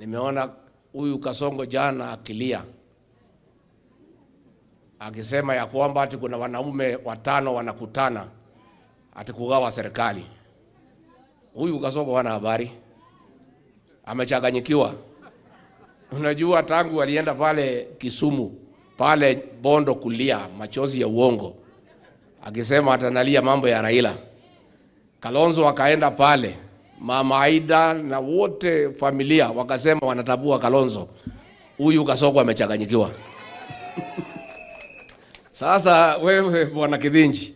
Nimeona huyu Kasongo jana akilia akisema ya kwamba ati kuna wanaume watano wanakutana ati kugawa serikali. Huyu Kasongo hana habari, amechanganyikiwa. Unajua, tangu alienda pale Kisumu pale Bondo kulia machozi ya uongo akisema atanalia mambo ya Raila. Kalonzo akaenda pale mama Aida na wote familia wakasema wanatabua Kalonzo, huyu Kasoko amechanganyikiwa. Sasa wewe bwana Kidhinji,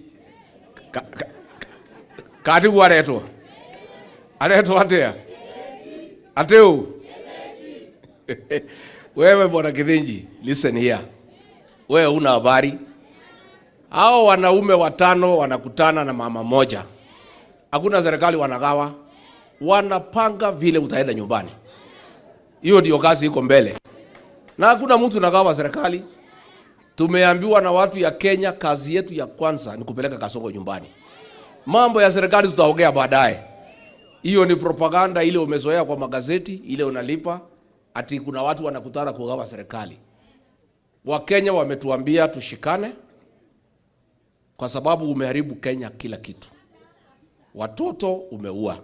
katibu aretwo aretwo atea ateu wewe bwana Kidhinji, listen here, wewe una habari hao wanaume watano wanakutana na mama moja, hakuna serikali wanagawa wanapanga vile utaenda nyumbani. Hiyo ndio kazi iko mbele, na hakuna mtu nagawa serikali. Tumeambiwa na watu ya Kenya, kazi yetu ya kwanza ni kupeleka kasoko nyumbani. Mambo ya serikali tutaongea baadaye. Hiyo ni propaganda ile umezoea kwa magazeti, ile unalipa ati kuna watu wanakutana kugawa serikali. Wakenya wametuambia tushikane, kwa sababu umeharibu Kenya kila kitu. Watoto umeua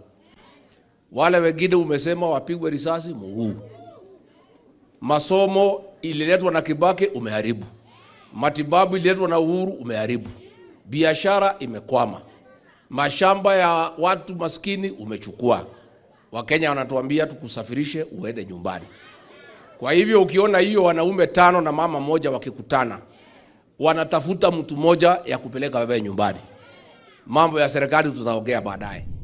wale wengine umesema wapigwe risasi muu. Masomo ililetwa na Kibaki umeharibu, matibabu ililetwa na Uhuru umeharibu, biashara imekwama, mashamba ya watu maskini umechukua. Wakenya wanatuambia tukusafirishe uende nyumbani. Kwa hivyo ukiona hiyo wanaume tano na mama moja wakikutana, wanatafuta mtu moja ya kupeleka wewe nyumbani. Mambo ya serikali tutaongea baadaye.